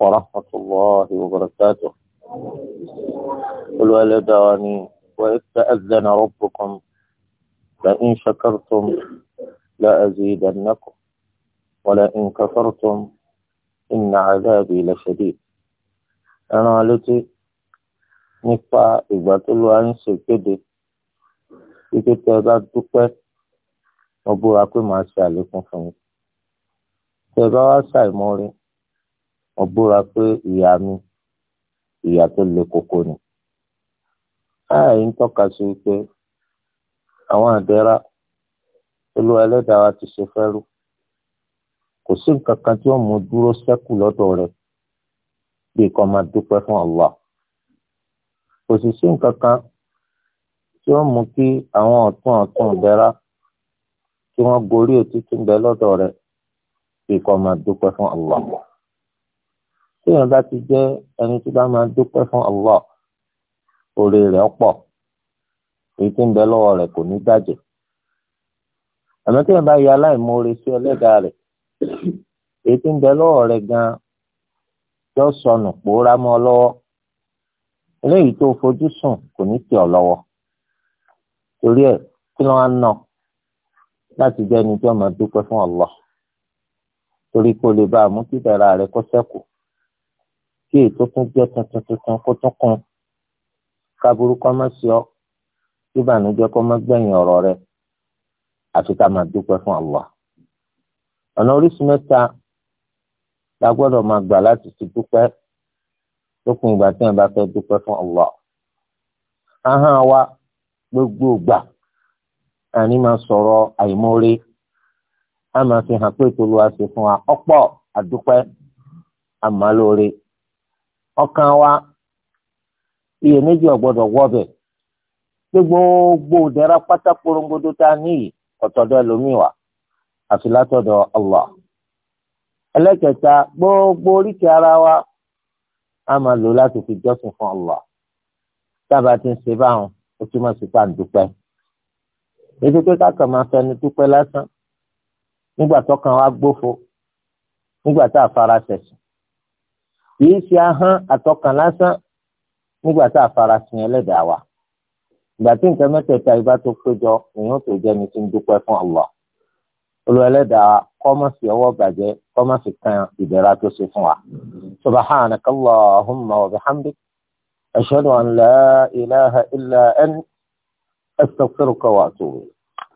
ورحمة الله وبركاته الوالداني وإذ تأذن ربكم لئن شكرتم لأزيدنكم ولئن كفرتم إن عذابي لشديد أنا علتي نفع إبات الوان سكدي إذا تبعت دقاء أبو أكو ما سألكم فمي تبعت سألكم mo búra pé ìyá mi ìyá tó le koko ni. báyìí ń tọ́ka sí pé àwọn àdẹ́rà olúwa ẹlẹ́dàá wa ti ṣe fẹ́rú kò sí nǹkan kan tí wọ́n mú dúró sẹ́kù lọ́dọ̀ rẹ̀ bí kò máa dúpẹ́ fún Allah kò sì sí nǹkan kan tí wọ́n mú kí àwọn ọ̀tún ọ̀tún ìdẹ́ra kí wọ́n gorí òtítù ń bẹ lọ́dọ̀ rẹ̀ bí kò máa dúpẹ́ fún Allah téèyàn bá ti jẹ́ ẹni tó bá máa dúpẹ́ fún Allah oore rẹ̀ ọ̀pọ̀ èyí tí ń bẹ lọ́wọ́ rẹ̀ kò ní bàjẹ́ àmọ́ téèyàn bá yẹ aláìmoore sí ẹlẹ́dàá rẹ̀ èyí tí ń bẹ lọ́wọ́ rẹ̀ gan-an yóò sọnù pòórá mọ́ ọ lọ́wọ́ eléyìí tó fojú sùn kò ní tì ọ́ lọ́wọ́ torí ẹ̀ kí ló wá nà láti jẹ́ ẹni tó máa dúpẹ́ fún Allah torí kó lè bá àmútìtẹ̀ra rẹ̀ kó sẹ́kù kí ètò tún jẹ́ tuntun tuntun kó tún kún káburú kọ́ má sí ọ kí ìbànújẹ́ kọ́ má gbẹ̀yìn ọ̀rọ̀ rẹ àfi ká máa dúpẹ́ fún Allah. ọ̀nà oríṣi mẹ́ta la gbọ́dọ̀ máa gbà láti ti dúpẹ́ lókun ìgbà tí wọn bá fẹ́ dúpẹ́ fún Allah. ahọ́n wa gbogbo gbà àní máa sọ̀rọ̀ àìmọ́re a máa fi hàn pé ìtòlúwa ṣe fún wa ọ̀pọ̀ àdúpẹ́ àmàlóore ọkàn wa iyèméjì ọ̀gbọ́dọ̀ wọ́bẹ̀ pé gbogbo ìdẹ̀ra pátá porongodo tá a níyì ọ̀tọ̀dọ̀ ẹlòmíwà àfi látọ̀dọ̀ Allah ẹlẹ́kẹta gbogbo oríkèé ara wa a máa lò láti fi jọ́sìn fún Allah tábà ti ń ṣe báwọn ó túmọ̀ sí pa ǹdúpẹ́ ètò pé káàkà máa fẹnu dúpẹ́ lásán nígbà tọkàn wa gbófo nígbà tá a fara ṣẹ̀sìn kì í ṣe ahọ́n àtọkàn lásán nígbà tá a fara sin ẹlẹ́dàá wa ìgbà tí nǹkan mẹ́tẹ̀ẹ̀ta ibà tó péjọ èèyàn tó jẹ́ ni tí ń dúpẹ́ fún Allah olú ẹlẹ́dàá kó má fi ọwọ́ bàjẹ́ kó kan ìdẹ̀ra tó ṣe fún wa subhanaka Allahumma wa bihamdik ashhadu an la ilaha illa ant astaghfiruka wa atubu.